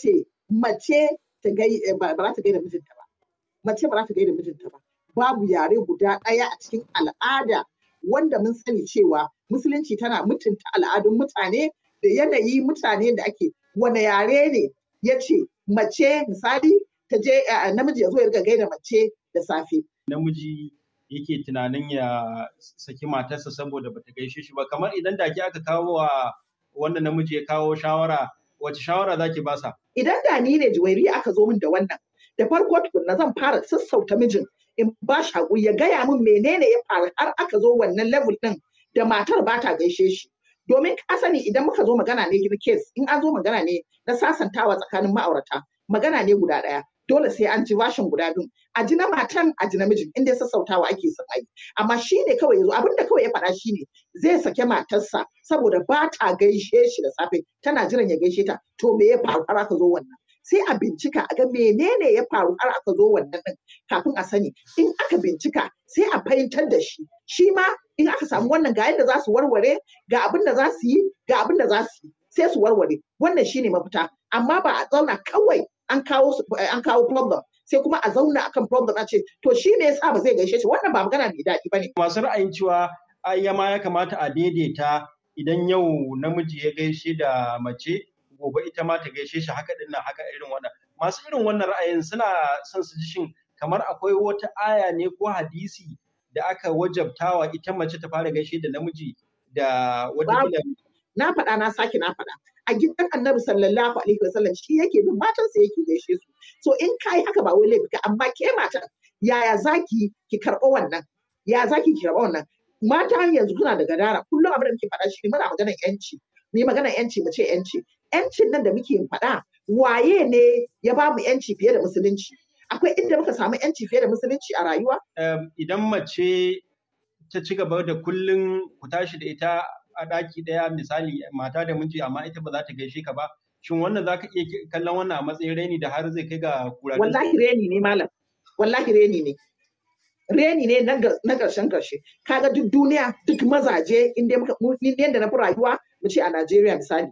ce mace ta gai eh, ba za ta da mijinta ba mace ba za ta da mijinta ba babu yare guda ɗaya a cikin al'ada wanda mun sani cewa musulunci tana mutunta al'adun mutane da yanayi mutane da ake wane yare ne ya ce mace misali ta je eh, namiji ya zo ya da mace da safe namiji yake tunanin ya saki matarsa saboda bata gaishe shi ba kamar idan da ke aka kawo wa wanda namiji ya kawo shawara wace shawara zaki ba sa idan da ni ne jiwairi aka zo min da wannan da farko tukunna zan fara sassauta mijin in ba shi hakuri ya gaya min menene ya faru har aka zo wannan level ɗin da matar ba ta gaishe shi domin ka sani idan muka zo magana ne case in an zo magana ne na sasantawa tsakanin ma'aurata magana ne guda ɗaya dole sai an ji washin guda biyu a ji na matan a ji mijin. inda ya sassautawa ake son ayi amma shi ne kawai yazo abinda kawai ya faɗa shi ne zai sake matarsa saboda ba ta gaishe shi da safe tana jiran ya gaishe ta to me ya faru har aka zo wannan sai a bincika a ga menene ya faru har aka zo wannan din kafin a sani in aka bincika sai a fahimtar da shi shi ma in aka samu wannan ga yadda za su warware ga abin da za su yi ga abin da za su yi sai su warware wannan shine mafita amma ba a zauna kawai an kawo eh, an problem sai kuma a zauna akan problem a ce to shi me yasa ba zai gaishe shi wannan ba magana mai daɗi bane masu ra'ayin cewa ai ma ya kamata a daidaita idan yau namiji ya gaishe da mace gobe ita ma ta gaishe shi haka dinnan haka irin wannan masu irin wannan ra'ayin suna son su ji shin kamar akwai wata aya ne ko hadisi da aka wajabtawa ita mace ta fara gaishe da namiji da wata na faɗa na sake na faɗa a gidan annabi sallallahu alaihi wasallam shi yake bin matansa yake gaishe su so in kai haka ba wai laifi amma ke matan yaya zaki ki karɓo wannan ya zaki ki karɓo wannan mata yanzu kuna da gadara kullum abin da muke faɗa shi muna magana yanci mu yi magana yanci mu ce yanci yancin nan da muke faɗa waye ne ya ba mu yanci fiye da musulunci akwai inda muka samu yanci fiye da musulunci a rayuwa idan mace ta ci gaba da kullum ku tashi da ita a daki daya misali mata da miji amma ita ba za ta gaishe ka ba shin wannan za ka iya kallon wannan a matsayin reni da har zai kai ga kura wallahi reni ne malam wallahi reni ne reni ne na karshen karshe kaga duk duniya duk mazaje inda muka yadda na fi rayuwa mu ce a Najeriya misali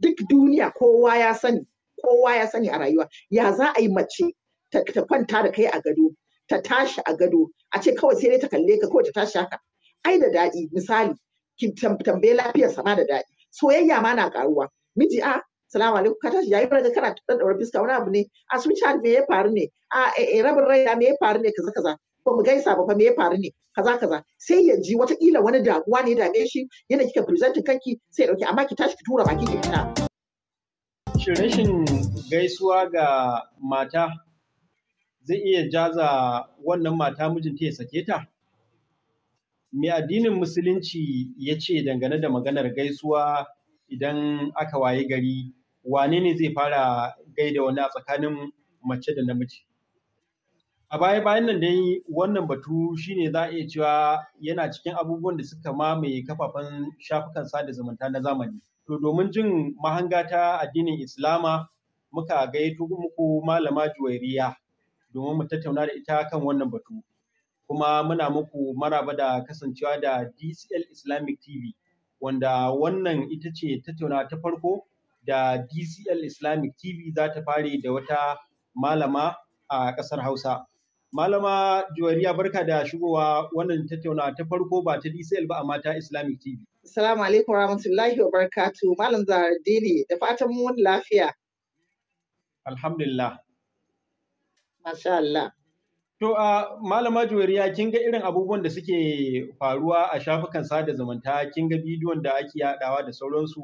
duk duniya kowa ya sani kowa ya sani a rayuwa ya za a yi mace ta kwanta da kai a gado ta tashi a gado a ce kawai sai dai ta kalle ka kawai ta tashi haka ai da daɗi misali Kin tambaye lafiyar sama da daɗi soyayya ma na karuwa miji a ah, salamu alaikum ka tashi yayi barka kana daura fiska wani abu ne a sun sha me ya faru ne a ah, eh, eh rabin rai me ya faru ne kaza kaza ba mu gaisa ba fa me ya faru ne kaza kaza sai ya ji wata kila wani damuwa ne dame shi yana kika presentin kanki sai ya dauki amma ki tashi ki tura baki ki fita shin gaisuwa ga mata zai iya jaza wannan mata mijinta ya sake ta Me addinin Musulunci ya ce dangane da maganar gaisuwa idan aka waye gari, wane ne zai fara gaida wani a tsakanin mace da namiji? A baya bayan nan dai wannan batu shine za a iya cewa yana cikin abubuwan da suka mamaye kafafen shafukan sada zumunta na zamani. To domin jin mahanga ta addinin Islama muka gayyato muku malama Juwairiya domin mu tattauna da ita kan wannan batu. kuma muna muku maraba da kasancewa da DCL Islamic TV wanda wannan ita ce tattauna ta farko da DCL Islamic TV za ta fare da wata malama a ƙasar Hausa. Malama Juwariya barka da shigowa wannan tattauna ta farko ba ta DCL ba amma ta Islamic TV. Assalamu alaikum warahmatullahi wabarakatuh Malam dini da fatan mun lafiya. Alhamdulillah. Masha Allah. To a malama juwariya kin ga irin abubuwan da suke faruwa a shafukan sada zumunta kin ga bidiyon da ake yadawa da sauransu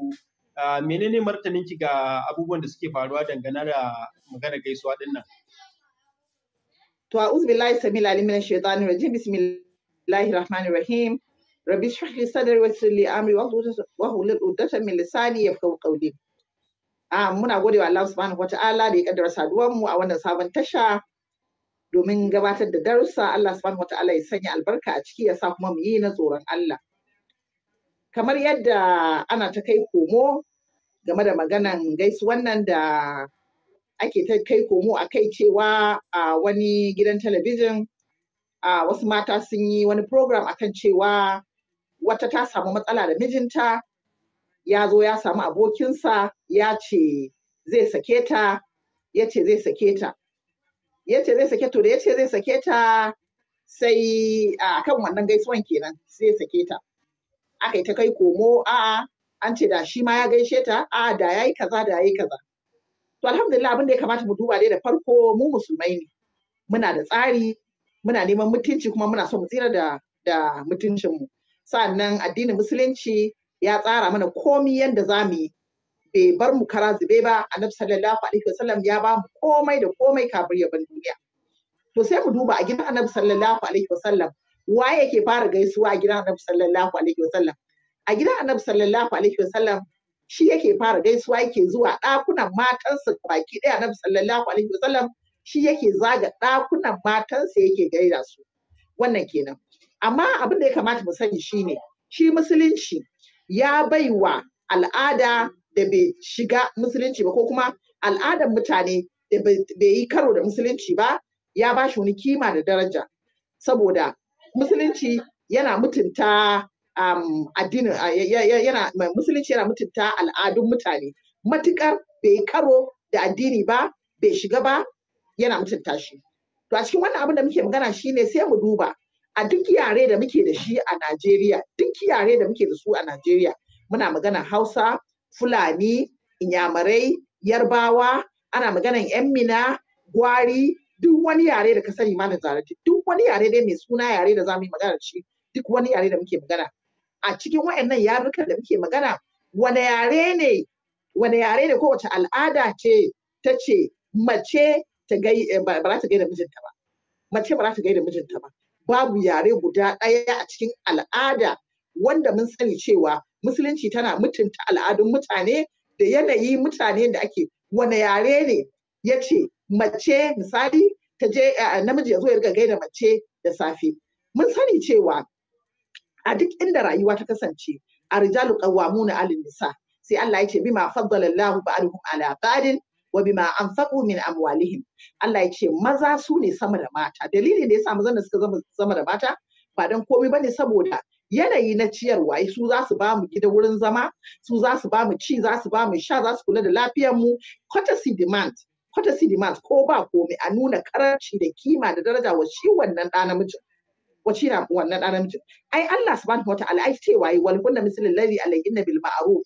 menene martanin ki ga abubuwan da suke faruwa dangane da magana gaisuwa dinnan nan To a'udhu billahi samil alim minash shaitanir rajim bismillahir rahmanir rahim rabbi shrah li sadri wa yassir li amri wa hlul 'uqdatan min lisani yafqahu qawli Ah muna gode wa Allah subhanahu wataala da ya kaddara saduwar mu a wannan sabon tasha domin gabatar da darussa Allah subhanahu Ta'ala ya sanya albarka a ciki ya sa kuma mu yi na tsoron Allah kamar yadda ana ta kai komo game da maganan gaisuwan nan da ake ta kai komo a kai cewa a wani gidan talabijin a wasu mata sun yi wani program akan cewa wata ta samu matsala da mijinta ya zo ya samu abokinsa ya ce zai sake ta ya ce zai sake ta ya ce zai sake to da yace zai sake ta sai a kan wannan gaisuwan kenan sai sake ta aka yi ta kai komo a an ce da shi ma ya gaishe ta a da yayi kaza da yayi kaza to alhamdulillah abin da ya kamata mu duba dai da farko mu musulmai ne muna da tsari muna neman mutunci kuma muna so mu tsira da da mu sannan addinin musulunci ya tsara mana komi yadda za mu yi bai bar mu kara zube ba a annabi sallallahu alaihi wasallam ya ba mu komai da komai kafin ya bar duniya to sai mu duba a gidan annabi sallallahu alaihi wasallam wa yake fara gaisuwa a gidan annabi sallallahu alaihi wasallam a gidan annabi sallallahu alaihi wasallam shi yake fara gaisuwa yake zuwa ɗakunan matansa baki ɗaya annabi sallallahu alaihi wasallam shi yake zaga ɗakunan matansa yake gaida su wannan kenan amma abin da ya kamata mu sani shine shi musulunci ya baiwa al'ada da bai shiga musulunci ba ko kuma al'adar mutane da bai yi karo da musulunci ba ya ba shi wani kima da daraja saboda musulunci yana mutunta um, addinin yana musulunci yana mutunta al'adun mutane matukar bai karo da addini ba bai shiga ba yana mutunta shi to a cikin wannan abin da muke magana shine sai mu duba a duk yare da muke da shi a Najeriya duk yare da muke da su a Najeriya muna magana Hausa fulani inyamurai yarbawa ana maganan yan mina gwari duk wani yare da ka sani da zarati duk wani yare dai mai suna yare da zamu yi magana shi duk wani yare da muke magana a cikin wayannan yarukan da muke magana wane yare ne wane yare ne ko wace al'ada ce ta ce mace ta gai eh, ba za ta gaida mijinta ba mace ba za ta gaida mijinta ba babu yare guda ɗaya a cikin al'ada wanda mun sani cewa musulunci tana mutunta al'adun mutane da yanayi mutane da ake wane yare ne ya ce mace misali ta je eh, eh, namiji ya zo ya riga da mace da safe mun sani cewa a duk inda rayuwa ta kasance a rijalu na alin nisa sai Allah ya ce bima faddala Allahu ba'dhum 'ala ba'din wa bima anfaqu min amwalihim Allah ya ce maza su ne sama da mata dalilin da yasa mazan da suka zama da mata ba dan komai bane saboda yanayi na ciyarwa eh, su za su ba mu gida wurin zama su za su ba mu ci za su ba mu sha za su kula da lafiyar mu courtesy demand courtesy demand ko ba komai a nuna karanci da kima da daraja wa shi wannan ɗa namijin wace na wannan ɗan namijin ai Allah subhanahu wataala ai ce yi wal kunna mislil ladhi alayhinna bil ma'ruf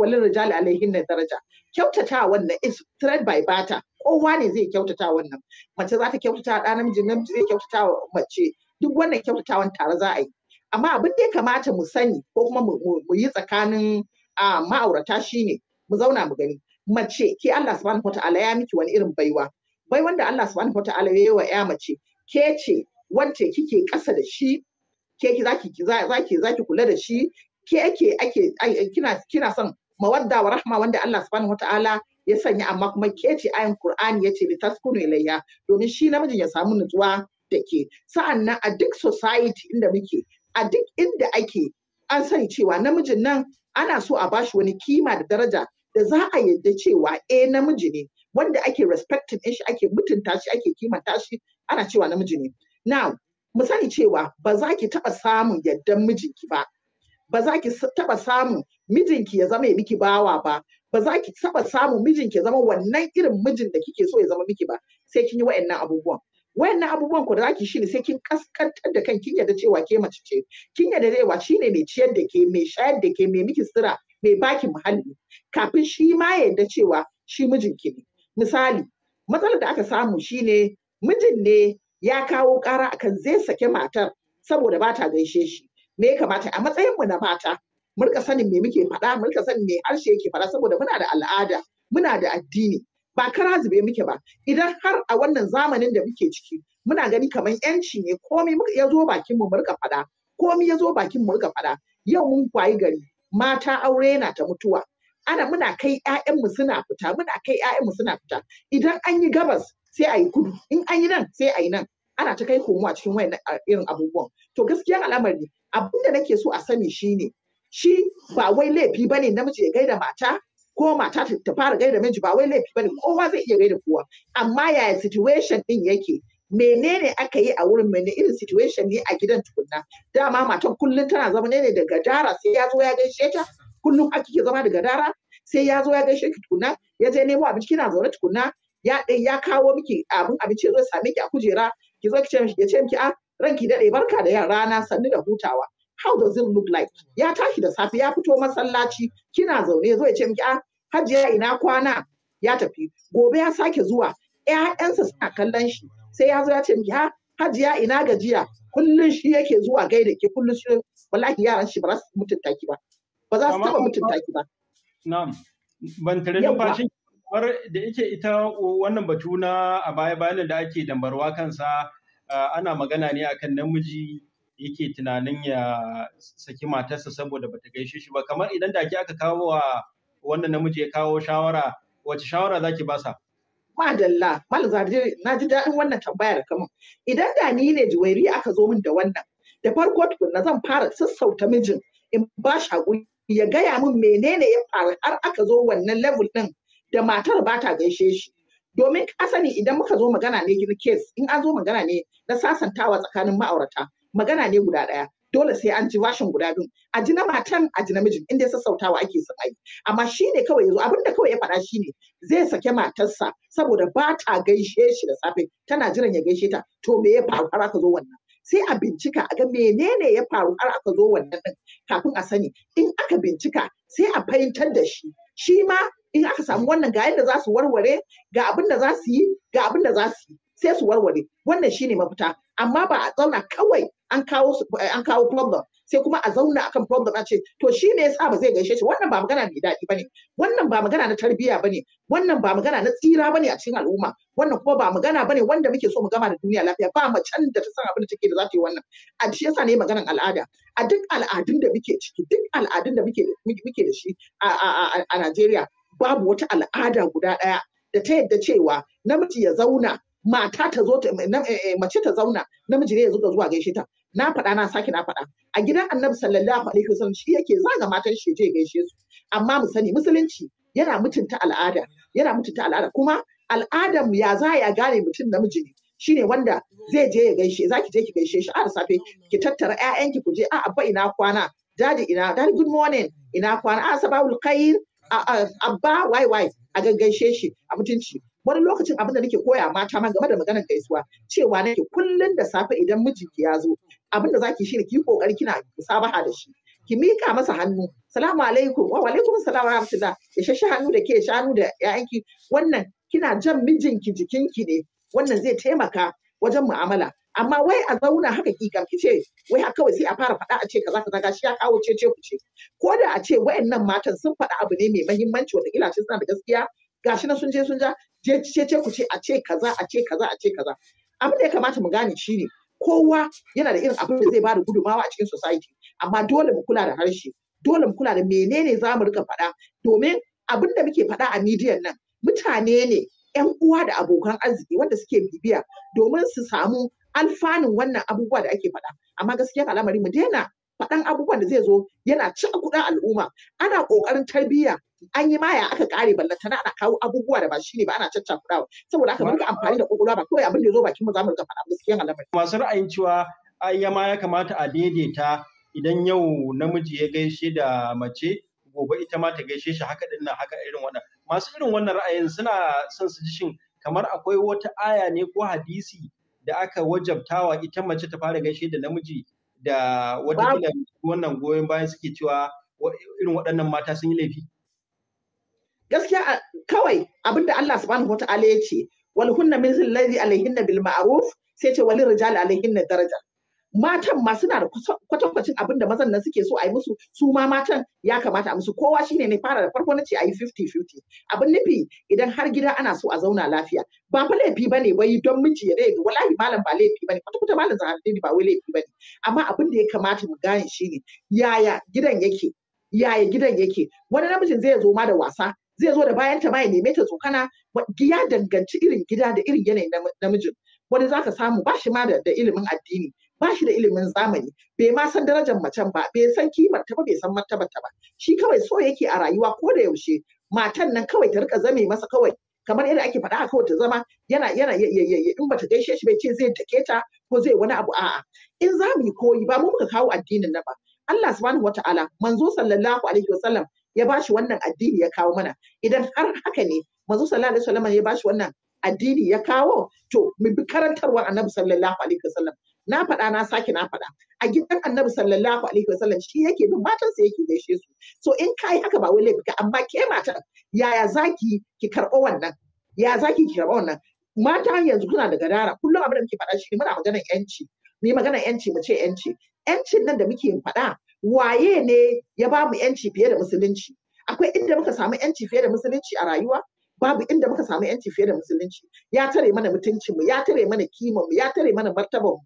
wal rijali alayhinna daraja kyautata wannan is thread by bata kowa ne zai kyautata wannan mace za ta kyautata ɗan namijin namiji zai kyautata mace duk wannan kyautatawan tare za a yi amma abin da ya kamata mu sani ko kuma mu yi tsakanin a ma'aurata shine mu zauna mu gani mace ke Allah subhanahu wata'ala ya miki wani irin baiwa bai wanda Allah subhanahu wata'ala ya yi wa ya mace ke ce wacce kike kasa da shi ke ki zaki zaki zaki kula da shi ke ake ake kina kina son mawadda wa rahma wanda Allah subhanahu wata'ala ya sanya amma kuma ke ce ayin Qur'ani yace li taskunu ilayya domin shi namijin ya samu nutsuwa da ke sa'annan a duk society inda muke a duk inda ake an sani cewa namijin nan ana so a bashi wani kima da daraja da za a yadda cewa eh namiji ne wanda ake respecting shi ake mutunta shi ake kimanta shi ana cewa namiji ne now mu sani cewa ba za ki taba samun yaddan mijinki ba ba za ki taɓa samun mijinki ya zama ya miki bawa ba ba za ki taɓa samun mijinki ya zama wannan irin mijin da kike so ya zama miki ba sai kin yi wa'annan abubuwan wayannan abubuwan ku da zaki shi sai kin kaskantar da kan kin yadda cewa ke mace ce kin zai wa shine mai ciyar da ke mai shayar da ke mai miki tsira, mai baki muhalli kafin shi ma yarda cewa shi mijin ki ne misali matsalar da aka samu shine mijin ne ya kawo ƙara akan zai sake matar saboda ba ta gaishe shi me ya kamata a matsayin mu na mata mu rika sanin me muke faɗa mu rika sanin me harshe yake faɗa saboda muna da al'ada muna da addini ba kara zube muke ba idan har a wannan zamanin da muke ciki muna gani kamar yanci ne komai ya zo bakin mu murka fada komai ya zo bakin mu murka fada yau mun kwayi gari mata aure yana ta mutuwa ana muna kai mu suna fita muna kai mu suna fita idan an yi gabas sai a yi kudu in an yi nan sai a yi nan ana ta kai komo a cikin wayan irin abubuwan to gaskiya al'amari abinda da nake so a sani shine shi ba wai laifi bane namiji ya gaida mata ko mata ta fara gaida miji ba wai laifi bane kowa zai iya gaida kowa amma yaya situation din yake menene aka yi a wurin mene irin situation ne a gidan tukunna dama matan kullum tana zama ne da gadara sai ya zo ya gaishe ta kullum ake ke zama da gadara sai ya zo ya gaishe ki tukunna ya je nemo abinci kina zaune tukunna ya eh, ya kawo miki abin abinci zai zo same ki a kujera ki zo ki ce ya ce miki a ah, ranki daɗe barka da yan rana, sannu da hutawa how does it look like ya tashi da safe ya fito masallaci kina zaune zo ya ce miki a ah, hajiya ina kwana ya tafi gobe ya sake zuwa ƴaƴansa suna kallon shi sai ya zo ya ce miki ha hajiya ina gajiya kullun shi yake zuwa gaida ke kullun shi wallahi yaran shi ba za su mutunta ki ba ba za su taba mutunta ki ba na'am ban tare numfashin kamar da yake ita wannan batu na a baya bayanin da ake dambarwa kansa ana magana ne akan namiji yake tunanin ya saki matarsa saboda bata gaishe shi ba kamar idan da ake aka kawo wa wannan namiji ya kawo shawara wace shawara zaki basa madalla malam na ji daɗin wannan tambayar kamun idan da ni ne juwairi aka zo min da wannan da farko na zan fara sassauta mijin in ba shi hakuri ya gaya min menene ya faru har aka zo wannan level din da matar ba ta gaishe shi domin ka sani idan muka zo magana ne gina case in an zo magana ne na sasantawa tsakanin ma'aurata magana ne guda ɗaya dole sai an ji washin guda biyu a ji na matan a ji namijin inda ya sassautawa ake son ayi amma shi ne kawai yazo abin da kawai ya faɗa shi ne zai sake matarsa saboda ba ta gaishe shi da safe tana jiran ya gaishe ta to me ya faru har aka zo wannan sai a bincika a ga menene ya faru har aka zo wannan din kafin a sani in aka bincika sai a fahimtar da shi shi ma in aka samu wannan ga yadda za su warware ga abin da za su yi ga abin da za su yi sai su warware wannan shine mafita amma ba a zauna kawai an kawo eh, an kawo problem sai kuma a zauna akan problem a ce to shi ne yasa ba zai gaishe shi wannan ba magana mai daɗi bane wannan ba magana na tarbiyya bane wannan ba magana na tsira bane a cikin al'umma wannan kuma ba magana bane wanda muke so mu gama da duniya lafiya ba macen da ta san abin da take da za ta yi wannan a shi yasa ne maganan al'ada a duk al'adun da muke ciki duk al'adun da muke muke da shi a a Najeriya babu wata al'ada guda ɗaya da ta yadda cewa namiji ya zauna mata ta zo eh, eh, mace ta zauna namiji ne ya da zuwa gaishe ta na faɗa na sake na faɗa a gidan annabi sallallahu alaihi wasallam shi yake zaga matan shi je gaishe su amma mu sani musulunci yana mutunta al'ada yana mutunta al'ada kuma al'adar ya za ya gane mutum namiji ne shine wanda zai je ya gaishe zaki je ki gaishe shi a da safe ki tattara ƴaƴanki ku je a abba ina kwana dadi ina dadi good morning ina kwana a sabahul khair abba wai wai a gaishe shi a mutunci wani lokacin abin da nake koya mata ma game da maganar gaisuwa cewa nake kullum da safe idan mijinki ya zo abin da zaki shi ne ki kokari kina musabaha da shi ki mika masa hannu salamu alaikum wa alaikum salam wa rahmatullah ya shashi hannu da ke shanu da ya'yanki? wannan kina jan mijinki jikinki ne wannan zai taimaka wajen mu'amala amma wai a zauna haka kikam ki ce wai haka kawai sai a fara faɗa a ce kaza kaza gashi ya kawo ce-ce ku ce ko da a ce wayannan matan sun faɗa abu ne mai mahimmanci wata kila suna da gaskiya gashi na sun je sun ja je ce ce ku ce a ce kaza a ce kaza a ce kaza abin da ya kamata mu gane shine kowa yana da irin abin da zai bada gudumawa a cikin society amma dole mu kula da harshe dole mu kula da menene za mu rika faɗa domin abin da muke faɗa a midiyan nan mutane ne yan uwa da abokan arziki wanda suke bibiya domin su samu alfanun wannan abubuwa da ake faɗa amma gaskiya kalamari mu daina faɗan abubuwan da zai zo yana ci kuɗin al'umma ana ƙoƙarin tarbiyya an yi maya aka kare tana ana kawo abubuwa da ba shi ne ba ana caccakudawa saboda haka muka amfani da kokolwa ba kawai abin da ya zo bakin mu za mu rika faɗa gaskiyan al'amari masu ra'ayin cewa an ya ma kamata a daidaita idan yau namiji ya gaishe da mace gobe ita ma ta gaishe shi haka dinnan haka irin wannan masu irin wannan ra'ayin suna son su ji shin kamar akwai wata aya ne ko hadisi da aka wajabtawa ita mace ta fara gaishe da namiji da wata wannan goyon bayan suke cewa irin waɗannan mata sun yi laifi gaskiya kawai abin da Allah subhanahu wata'ala ya ce wal hunna min zillazi alaihin bil ma'ruf sai ce walin rijali alaihin daraja matan ma suna da kwatankwacin abin da mazan nan suke so a yi musu su ma matan ya kamata a musu kowa shine ne fara da farko na ce a yi 50-50 abin nufi idan har gida ana so a zauna lafiya ba fa laifi ba ne wai don miji ya rage wallahi malam ba laifi ba ne kwata-kwata malam zahararri ba wai laifi ba ne amma abin da ya kamata mu gane shine yaya gidan yake yaya gidan yake wani namijin zai zo ma da wasa zai zo da bayan ta ma neme ta tsokana ya danganci irin gida da irin yanayin namijin wani za ka samu ba shi ma da ilimin addini ba shi da ilimin zamani bai ma san darajar macen ba bai san kimar ta ba bai san martabar ba shi kawai so yake a rayuwa ko da yaushe matan nan kawai ta rika zame masa kawai kamar yadda ake faɗa a kawai ta zama yana yana in bata gaishe shi bai ce zai take ta ko zai wani abu a'a in za yi koyi ba mu muka kawo addinin na ba Allah subhanahu wata'ala manzo sallallahu alaihi wasallam ya ba shi wannan addini ya kawo mana idan har haka ne manzo sallallahu alaihi wasallam ya bashi wannan addini ya kawo to mu bi karantarwar annabi sallallahu alaihi wasallam na faɗa na sake na faɗa a gidan annabi sallallahu alaihi wasallam shi yake bin matan sa yake gaishe su so in kai haka ba wai laifi ka amma ke matan yaya zaki ki karɓo wannan ya zaki ki karɓo wannan mata yanzu kuna da gadara kullum abin da muke faɗa shi muna maganar yanci yi maganar yanci mu ce yanci yancin nan da muke faɗa waye ne ya ba mu yanci fiye da musulunci akwai inda muka samu yanci fiye da musulunci a rayuwa babu inda muka samu yanci fiye da musulunci ya tare mana mutuncin mu ya tare mana kiman mu ya tare mana martaban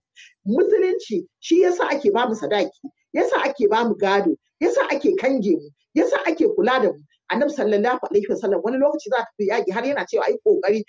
mu musulunci shi yasa ake ba mu sadaki yasa ake ba mu gado yasa ake kange mu yasa ake kula da mu annabi sallallahu alaihi wasallam wani lokaci za ka fi yaki har yana cewa ai kokari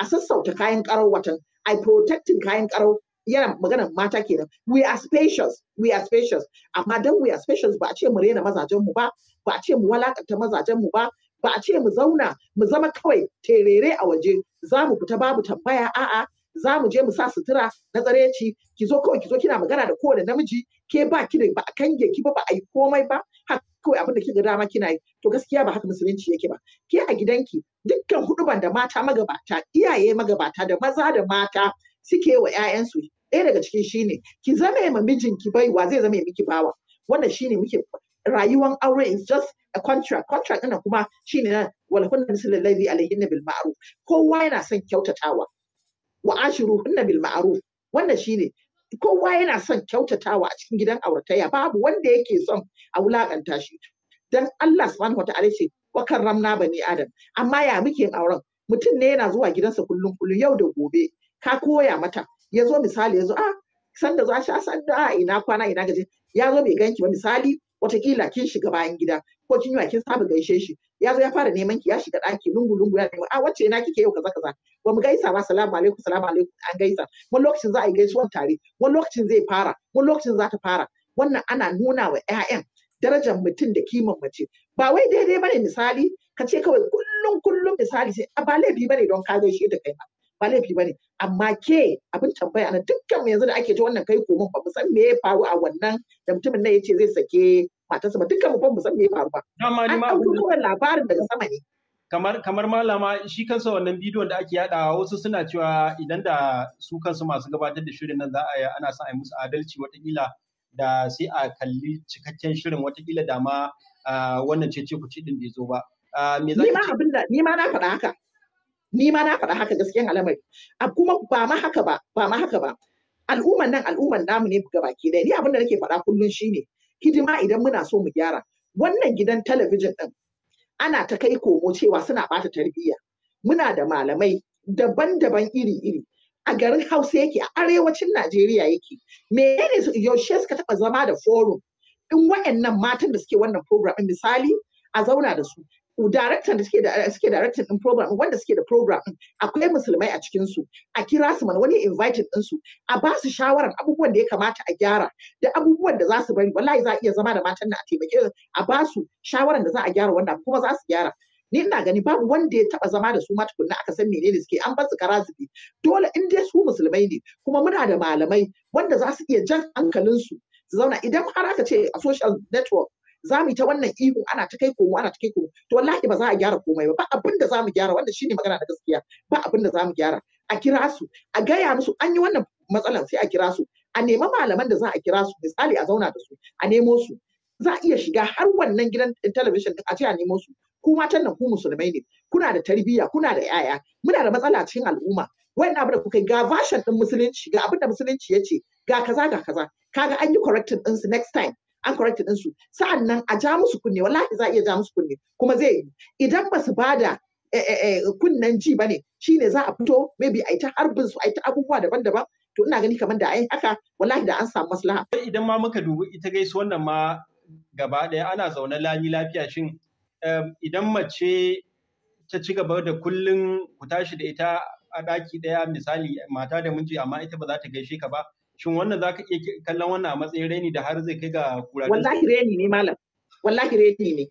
a sassauta kayan karau watan ai protecting kayan karau yana magana mata kenan we are spacious we are spacious amma dan we are spacious ba a ce mu rena mazajen mu ba ba a ce mu walakanta mazajen mu ba ba a ce mu zauna mu zama kawai terere a waje za mu fita babu tambaya a'a za mu je mu sa sutura na tsareci ki zo kawai ki zo kina magana da kowane namiji ke ba ki da ba a kange ki ba ba a yi komai ba haka kawai abin da kika dama kina yi to gaskiya ba haka musulunci yake ba ke a gidanki dukkan huduban da mata magabata iyaye magabata da maza da mata suke wa 'ya'yansu ɗaya daga cikin shine ki zame ma mijinki baiwa zai zame miki bawa wannan shine muke rayuwan aure is just a contract contract ɗin kuma shine na wal kunna a alladhi alayhinna bil ma'ruf kowa yana son kyautatawa wa ashiru hunna bil ma'ruf wannan shine kowa yana son kyautatawa a cikin gidan auratayya babu wanda yake son a wulakanta shi dan Allah subhanahu wataala ce wa karramna bani adam amma ya muke auren mutum ne yana zuwa gidansa kullum kullum yau da gobe ka koya mata ya zo misali ya zo a ah, sanda za shi sanda a ah, ina kwana ina gaje ya zo bai ganki ba misali watakila kin shiga bayan gida ko kin yiwa kin saba gaishe shi ya zo ya fara neman ki ya shiga ɗaki lungu lungu ya nema a ah, wacce na kike yau kaza kaza ba mu gaisa ba salamu alaikum salamu alaikum an gaisa wani lokacin za a yi gaisuwan tare wani lokacin zai fara wani lokacin za ta fara wannan ana nuna wa 'ya'yan darajar mutum da kiman mace ba wai daidai bane misali ka ce kawai kullum kullum misali sai ba laifi bane don ka gaishe da kai ba ba laifi ba ne, amma ke abin tambaya na dukkan yanzu da ake ta wannan kai komon ba mu san me ya faru a wannan da mutumin nan ya ce zai sake matarsa ba dukkan mu ba mu san me ya faru ba an ɗauko labarin daga sama ne kamar kamar malama shi kansa wannan bidiyon da ake yadawa wasu suna cewa idan da su kansu masu gabatar da shirin nan za a ana son a yi musu adalci watakila da sai a kalli cikakken shirin watakila da ma ah, wannan ce ce ku ci din bai zo ba ah, me za ni ma abin da ni ma na faɗa haka ni ma na faɗa haka gaskiyan al'amari a kuma ba ma haka ba ba ma haka ba al'umman nan al'umman namu ne ga baki ɗaya ni abin da nake faɗa kullum shine hidima idan muna so mu gyara wannan gidan talabijin ɗin ana ta kai komo cewa suna bata tarbiyya muna da malamai daban-daban iri-iri a garin hausa yake a arewacin najeriya yake me ne yaushe suka taɓa zama da forum in wa'annan matan da suke wannan program misali a zauna da su daraktan da suke da suke daraktan din program wanda suke da program akwai musulmai a cikin su a kira su mana wani invited din su a ba su shawaran abubuwan da ya kamata a gyara da abubuwan da za su bari wallahi za a iya zama da matan nan a taimake a ba su shawaran da za a gyara wannan kuma za su gyara ni ina gani babu wanda ya taba zama da su ma tukunna aka san menene suke an basu kara zubi dole in dai su musulmai ne kuma muna da malamai wanda za su iya jan hankalin su su zauna idan har aka ce a social network za mu yi ta wannan ihu ana ta kai komo ana ta kai komo to wallahi ba za a gyara komai ba ba abin da za mu gyara wanda shine magana da gaskiya ba abin da za mu gyara a kira su a gaya musu an yi wannan matsalan sai a kira su a nema malaman da za a kira su misali a zauna da su a nemo su za a iya shiga har wannan gidan talabijin a ce a nemo su ku matan nan ku musulmai ne kuna da tarbiyya kuna da yaya muna da matsala cikin al'umma wayan abin da kuka ga version din musulunci ga abin da musulunci yace ga kaza ga kaza kaga an yi correcting din su next time an correcting sa'an nan a ja musu kunne wallahi za a iya ja musu kunne kuma zai yi idan ba su bada eh, eh, eh, kunnen ji ba ne, shi ne za a fito maybe a yi ta harbin su a yi ta abubuwa daban-daban to ina gani kamar da yi haka wallahi da an samu maslaha idan ma muka dubi ita gaisu wannan ma gaba ɗaya ana zaune lami lafiya shin idan mace ta ci gaba da kullum ku tashi da ita a ɗaki ɗaya misali mata da miji amma ita ba za ta gaishe ka ba shin wannan za ka iya kallon wannan a matsayin reni da har zai kai ga kura wallahi reni ne malam wallahi reni ne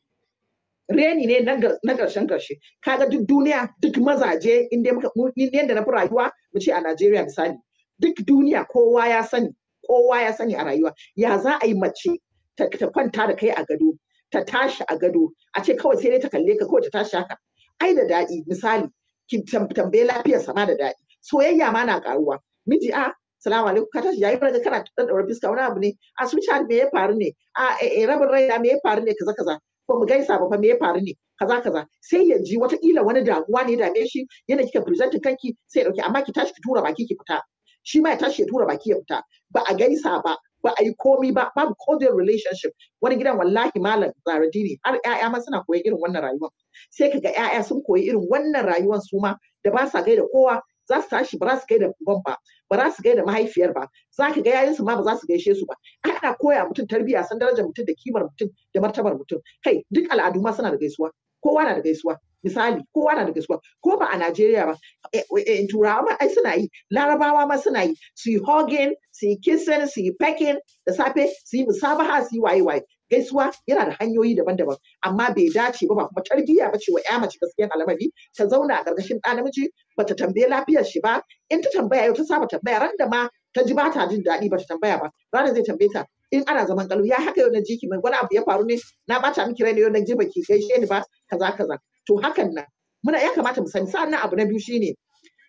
reni ne na karshen karshe kaga duk duniya duk mazaje inda muka yadda na fi rayuwa mu ce a Najeriya misali duk duniya kowa ya sani kowa ya sani a rayuwa ya za a yi mace ta kwanta da kai a gado ta tashi a gado a ce kawai sai dai ta kalle ka kawai ta tashi haka ai da daɗi misali ki tambaye lafiyar sama da daɗi soyayya ma na karuwa miji a ah, salamu alaikum ka tashi yayi fara kana dan daura fiska wani abu ne a sweetheart me ya faru ne a eh, eh rabin raina me ya faru ne kaza kaza ba mu gaisa ba fa me ya faru ne kaza kaza sai ya ji kila wani damuwa ne dame shi yana kika present kanki sai ya amma ki tashi ki tura baki ki fita shi ma ya tashi ya tura baki ya fita ba a gaisa ba ba a yi komi ba babu cordial relationship wani gidan wallahi malam zaradini har ƴaƴa ma suna koyi irin wannan rayuwar sai kaga 'ya'ya sun koyi irin wannan rayuwar su ma da ba sa gaida kowa za su tashi ba za su gaida uban ba ba za su gaida mahaifiyar ba za ka ga yayansu ma ba za su gaishe su ba ana koya mutum tarbiyya san darajar mutum da kimar mutum da martabar mutum kai duk al'adu ma suna da gaisuwa kowa na da gaisuwa misali kowa na da gaisuwa ko ba a Najeriya ba eh, eh, eh, turawa ma ai suna yi larabawa ma suna yi su yi hugging su yi kissing su yi pecking da safe su yi musabaha su yi waye waye gaisuwa yana da hanyoyi daban-daban amma bai dace ba ba kuma tarbiyya ba ce wa ya mace na al'amari ta zauna a ƙarƙashin ɗa namiji ba ta tambaye lafiyar shi ba in ta tambaya yau ta saba tambaya ran da ma ta ji ba ta jin daɗi ba ta tambaya ba ranar zai tambaye ta in ana zaman kalu ya haka yau na jiki mai wani abu ya faru ne na bata miki rai ne yau na ji baki gaishe ni ba kaza kaza to hakan nan muna ya kamata mu sani sa'an abu na biyu shine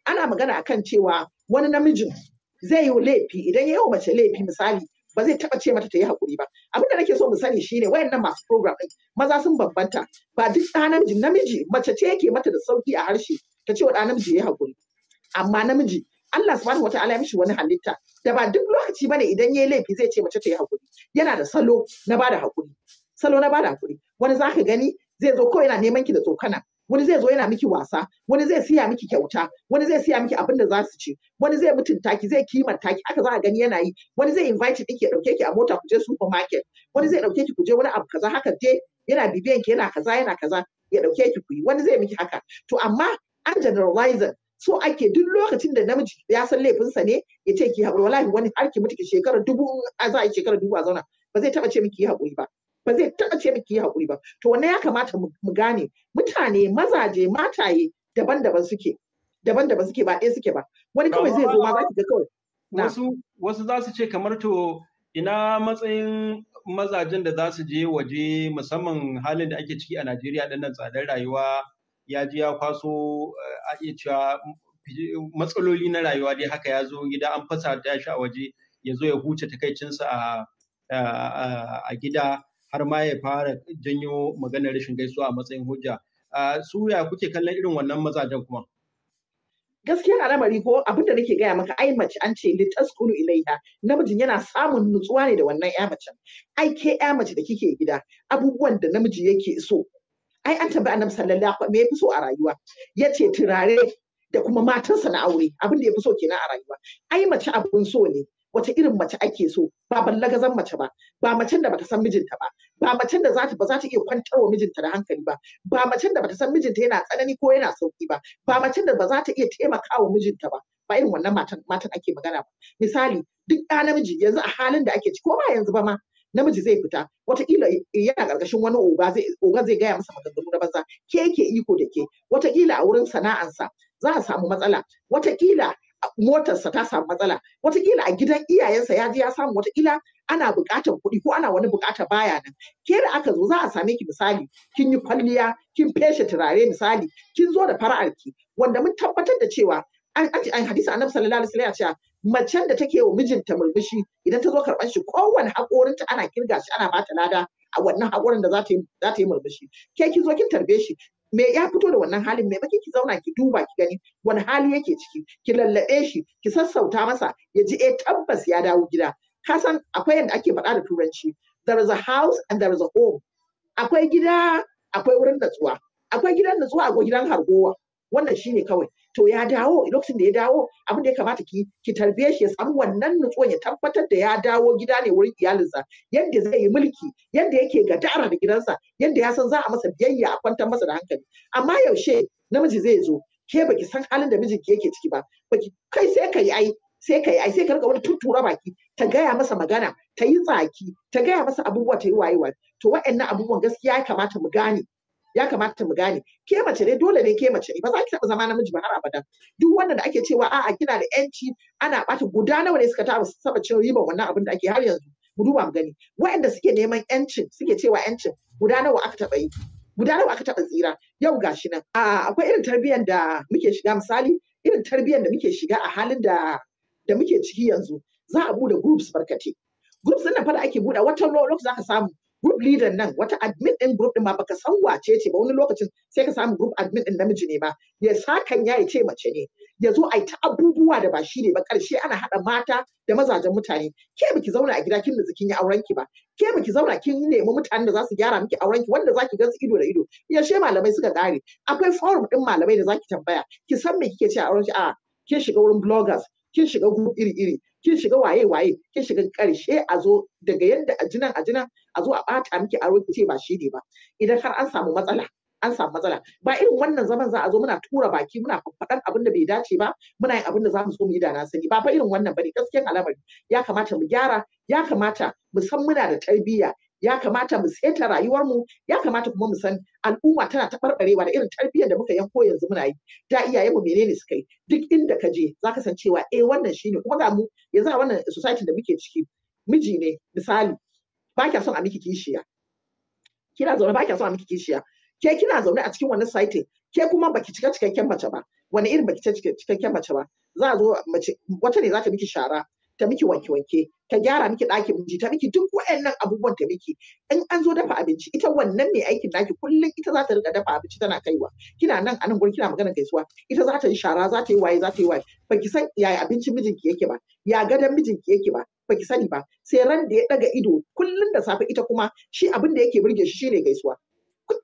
ana magana akan cewa wani namijin zai yi laifi idan ya yi wa mace laifi misali ba zai taba ce mata ta yi hakuri ba abin da nake so mu sani shine wayannan masu program din maza sun babbanta ba duk ɗa namiji namiji mace ce yake mata da sauki a harshe ta ce wa ɗa namiji ya hakuri. amma namiji Allah subhanahu wataala ya mishi wani halitta da ba duk lokaci bane idan yayi laifi zai ce mace ta yi hakuri, yana da salo na bada hakuri, salo na bada hakuri wani zaka gani zai zo kawai yana neman ki da tsokana wani zai zo yana miki wasa wani zai siya miki kyauta wani zai siya miki abin da za su ci wani zai mutunta ki zai kimanta ki aka za a gani yana yi wani zai invite ɗinki ya ɗauke ki a mota ku je supermarket wani zai ɗauke ki ku je wani abu kaza haka je yana bibiyan ki yana kaza yana kaza ya ɗauke ki ku yi wani zai miki haka to amma an generalize so ake duk lokacin da namiji ya san laifinsa ne ya ce ki haƙuri wallahi wani har ki mutu ki shekara dubu a za a yi shekara dubu a zauna ba zai taɓa ce miki yi haƙuri ba ba zai taɓa ce miki yi haƙuri ba to wannan ya kamata mu gane mutane mazaje mataye daban-daban suke daban-daban suke ba ɗaya suke ba wani kawai zai zo ma za ki ga kawai wasu wasu za su ce kamar to ina matsayin mazajen da za su je waje musamman halin da ake ciki a Najeriya ɗin nan tsadar rayuwa ya ji ya kwaso eh, a iya cewa matsaloli na rayuwa dai haka ya zo gida an fasa da shi a waje ya zo ya huce takaicinsa a gida har ma ya fara janyo maganar rashin gaisuwa a matsayin hujja su ya kuke kallon irin wannan mazajen kuma Gaskiya a lamari ko abin da nake gaya maka ai mace an ce litaskunu ilaiha namijin yana samun nutsuwa ne da wannan ya mace ai ke ya mace da kike gida abubuwan da namiji yake so ai an tambayi annabi sallallahu alaihi me yafi so a rayuwa yace turare da kuma matansa na aure abin da ya fi so kenan a rayuwa ai mace abun so ne wace irin mace ake so ba ballagazan mace ba ba macen da bata san mijinta ba ba macen da zata ba za ta iya kwantarwa mijinta da hankali ba ba macen da bata san mijinta yana tsanani ko yana sauki ba ba macen da ba za ta iya taimakawa mijinta ba ba irin wannan matan matan ake magana ba misali duk ɗa namiji yanzu a halin da ake ci, ko ba yanzu ba ma namiji zai fita watakila yana ƙarƙashin wani oga zai oga zai gaya masa maganganu na banza ke ke iko da ke watakila a wurin sana'ansa za a samu matsala watakila motarsa ta samu matsala wataƙila a gidan iyayensa ya je ya samu wataƙila ana buƙatar kuɗi ko ana wani buƙata baya nan ke da aka zo za a same ki misali kin yi kwalliya kin feshe turare misali kin zo da fara'arki wanda mun tabbatar da cewa an an hadisi annabi sallallahu alaihi wasallam ya ce macen da take wa mijinta murmushi idan ta zo karɓar shi kowane ta ana kirga shi ana bata lada a wannan haƙorin da za ta yi murmushi ke kin zo kin tarbe shi me ya fito da wannan halin me baki ki zauna ki duba ki gani wani hali yake ciki ki lallabe shi ki sassauta masa ya ji eh tabbas ya dawo gida ka san akwai yadda ake faɗa da turanci there is a house and there is a home akwai gida akwai wurin natsuwa akwai gidan natsuwa akwai gidan hargowa wannan shine kawai to ya dawo lokacin da ya dawo abin da ya kamata ki ki tarbiye shi ya samu wannan nutsuwa ya tabbatar da ya dawo gida ne wurin iyalinsa yadda zai yi mulki yadda yake gadara da gidansa yadda ya san za a masa biyayya a kwantar masa da hankali amma yaushe namiji zai zo ke baki san halin da mijinki yake ciki ba baki kai sai ka yi ai sai ka yi ai sai ka rika wani tuttura baki ta gaya masa magana ta yi tsaki ta gaya masa abubuwa ta yi wayewa to wa'annan abubuwan gaskiya ya kamata mu gane ya kamata mu gane ke mace ne dole ne ke mace ne ba za ki taɓa zama namiji ba har abada duk wannan da ake cewa a'a kina da yanci ana ɓata guda nawa ne suka taɓa saba cin riban wannan abin da ake har yanzu mu duba mu gani waɗanda suke neman yancin suke cewa yancin guda nawa aka taɓa yi guda nawa aka taɓa tsira yau gashi nan akwai irin tarbiyyar da muke shiga misali irin tarbiyyar da muke shiga a halin da da muke ciki yanzu za a bude groups barkate groups din nan fa da ake buɗe wata lokaci zaka samu group leader nan wata admin din group din ma baka san wace ce ba wani lokacin sai ka samu group admin din namiji ne ba. ya sakan ya ya ce mace ne ya zo a yi ta abubuwa da ba shi ne ba karshe ana haɗa mata da mazajen mutane ke miki zauna a gida kin da kin yi auren ki ba ke miki zauna kin nemi mutanen da za su gyara miki auren ki wanda zaki gansu ido da ido Ya yaushe malamai suka gare akwai forum din malamai da za ki tambaya ki san me kike ce a auren ki a kin shiga wurin bloggers kin shiga group iri-iri kin shiga waye waye kin shiga ƙarshe a zo daga yadda a ajinan a zo a bata miki aro ki ce ba shi ne ba idan har an samu matsala an samu matsala ba irin wannan zaman za a zo muna tura baki muna faɗan abin da bai dace ba muna yin abin da za mu so mu yi da na sani ba fa irin wannan bane gaskiyan al'amari ya kamata mu gyara ya kamata mu san muna da tarbiyya ya kamata mu seta rayuwarmu ya kamata kuma mu san al'umma tana taɓarɓarewa da irin tarbiyyar da muka yanko yanzu muna yi da iyaye mu menene suka yi duk inda ka je Za ka san cewa eh wannan shine kuma ga mu yanzu a wannan society da muke ciki miji ne misali ba kya son a miki kishiya kina zaune ba kya son a miki kishiya ke kina zaune a cikin wannan society ke kuma baki cika cikakken mace ba wani irin baki cika cikakken mace ba za a zo mace wata ne za ta miki shara ta miki wanke-wanke ta gyara miki ɗakin miji ta miki duk wa'annan abubuwan ta miki in an zo dafa abinci ita wannan mai aikin naki kullum ita za ta rika dafa abinci tana kaiwa kina nan anan gurin kina magana gaisuwa ita za ta yi shara za ta yi waye za ta yi waye Ba ki san yaya abincin mijinki yake ba ya gadon mijinki yake ba ba ki sani ba sai ran da ya daga ido kullum da safe ita kuma shi abin da yake burge shi shine gaisuwa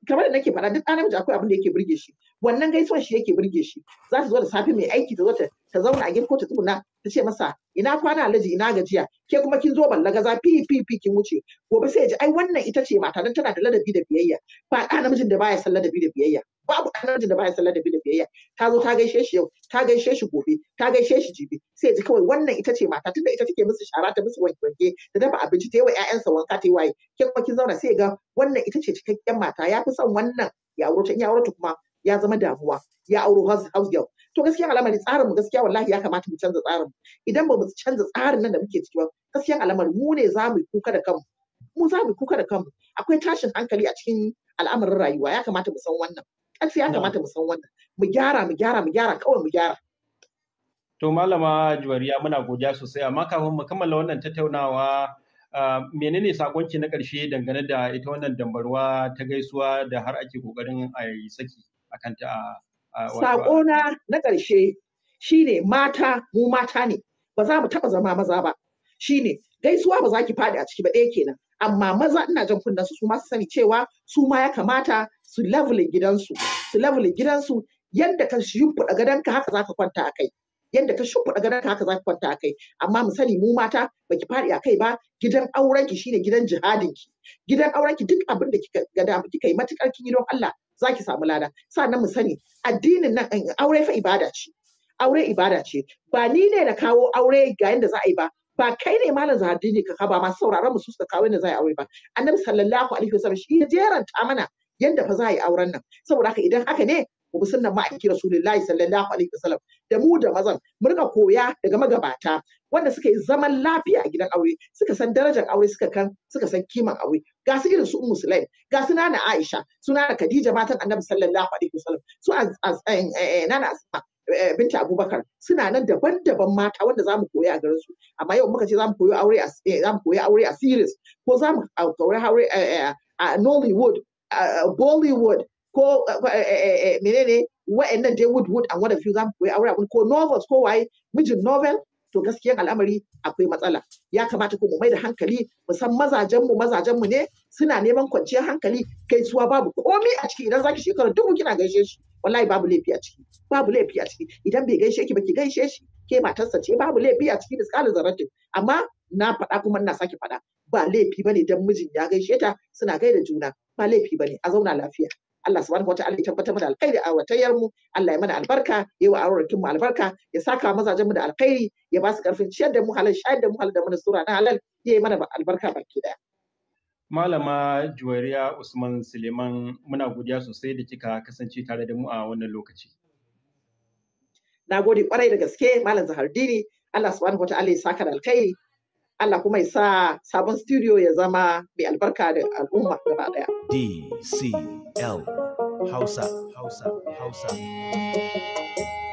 kamar da nake faɗa duk ɗan namiji akwai abin da yake burge shi wannan gaisuwan shi yake burge shi za ta zo da safe mai aiki ta zo ta zauna a gida ko ta tsuguna ta ce masa ina kwana alhaji ina gajiya ke kuma kin zo ballaga za fi fi fi kin wuce gobe sai ya ji ai wannan ita ce mata dan tana da ladabi da biyayya ba ɗa namijin da baya san ladabi da biyayya babu ɗan namijin da baya san ladabi da biyayya ta zo ta gaishe shi yau ta gaishe shi gobe ta gaishe shi jibi sai ji kawai wannan ita ce mata tunda ita take musu shara ta musu wanke wanke ta dafa abinci ta yi wa ƴaƴansa wanka ta yi waye ke kuma kin zauna sai ga wannan ita ce cikakken mata ya fi son wannan ya aure ta in ya aure ta kuma ya zama damuwa ya auro house girl to gaskiya al'amari tsarin mu gaskiya wallahi ya kamata mu canza tsarin idan ba mu canza tsarin nan da muke ciki ba gaskiya al'amari mu ne za mu kuka da kanmu mu za mu kuka da kanmu akwai tashin hankali a cikin al'amarin rayuwa ya kamata mu san wannan ƙarfi ya kamata mu san wannan mu gyara mu gyara mu gyara kawai mu gyara to malama juwariya muna godiya sosai amma kafin mu kammala wannan tattaunawa menene sakonki na ƙarshe dangane da ita wannan dambarwa ta gaisuwa da har ake ƙoƙarin a yi saki a kanta a Saƙona na ƙarshe shi ne mata mu mata ne ba za mu taɓa zama maza ba Shi ne, gaisuwa ba za ki faɗi a ciki ba ɗaya kenan amma maza ina jan kunna su ma su sani cewa su ma ya kamata su levelin gidansu su levelin gidansu yadda ka shimfiɗa gadonka haka za ka kwanta a kai yadda ka shimfiɗa gadonka haka za ka kwanta a kai amma mu sani mu mata ba ki faɗi a kai ba gidan aurenki shine gidan jihadin ki. gidan aurenki duk abin da kika ga kika yi matukar kin yi don Allah za ki samu lada sannan mu sani addinin nan eh, aure fa ibada ce aure ibada ce ba ni ne na kawo aure ga yanda za a yi ba ba kai ne malam zahardi ne ka ba masu sauraron mu su suka kawo yanda za a yi aure ba annabi sallallahu alaihi wasallam shi ya jeranta mana yanda fa za a yi auren nan saboda haka idan haka ne mu bi sunnan rasulullahi sallallahu alaihi wasallam da mu da mazan mu rika koya daga magabata wanda suka yi zaman lafiya a gidan aure suka san darajar aure suka kan suka san kiman aure ga su irin su ummu sulaim ga su nana aisha su nana khadija matan annabi sallallahu alaihi wasallam su eh, eh, eh, nana asma binta abubakar suna nan daban-daban mata wanda za mu koya a garin su amma yau muka ce za mu koyi aure a za mu koyi aure a series ko za mu koyi aure a Nollywood Bollywood ko eh, eh, eh, menene wa'annan dai woodwood and what a few zamu koyi aure abun ko novels ko waye mijin novel to gaskiyan al'amari akwai matsala ya kamata ko mu mai da hankali musan mazajen mu mazajen mu ne suna neman kwanciyar hankali kai suwa babu komai a ciki idan zaki shekara dubu kina gaishe shi wallahi babu laifi a ciki babu laifi a ciki idan bai gaishe ki ba ki gaishe shi ke matarsa ce babu laifi a ciki da misalin zarafi amma na faɗa kuma ina sake faɗa ba laifi bane dan mijin ya gaishe ta suna gaida juna ba laifi bane a zauna lafiya Allah subhanahu wataala ya tabbatar mana alkhairi a watayyar mu Allah ya mana albarka ya wa arorikin mu albarka ya saka mazajen mu da alkhairi ya ba su karfin ciyar da mu halal shayar da mu halal da mana sura na halal ya yi mana albarka baki daya Malama Juwariya Usman Suleiman muna godiya sosai da kika kasance tare da mu a wannan lokaci. Na gode kwarai da gaske Malam Zahardini Allah subhanahu wataala ya saka da alkhairi Allah kuma ya sa sabon studio ya zama mai albarka da al'umma gaba daya. DCL Hausa Hausa Hausa.